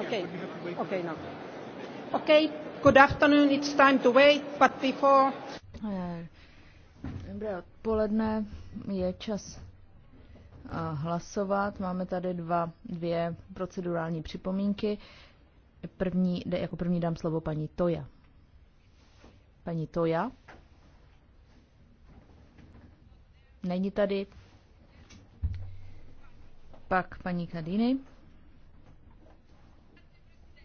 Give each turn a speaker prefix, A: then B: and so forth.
A: Okay. Okay, no. okay,
B: good afternoon, it's time to wait, but before... No, Dobré
C: odpoledne, je čas hlasovat. Máme tady dva, dvě procedurální připomínky. První, jako první dám slovo paní Toja. Paní Toja. Není tady, pak paní Kadiny.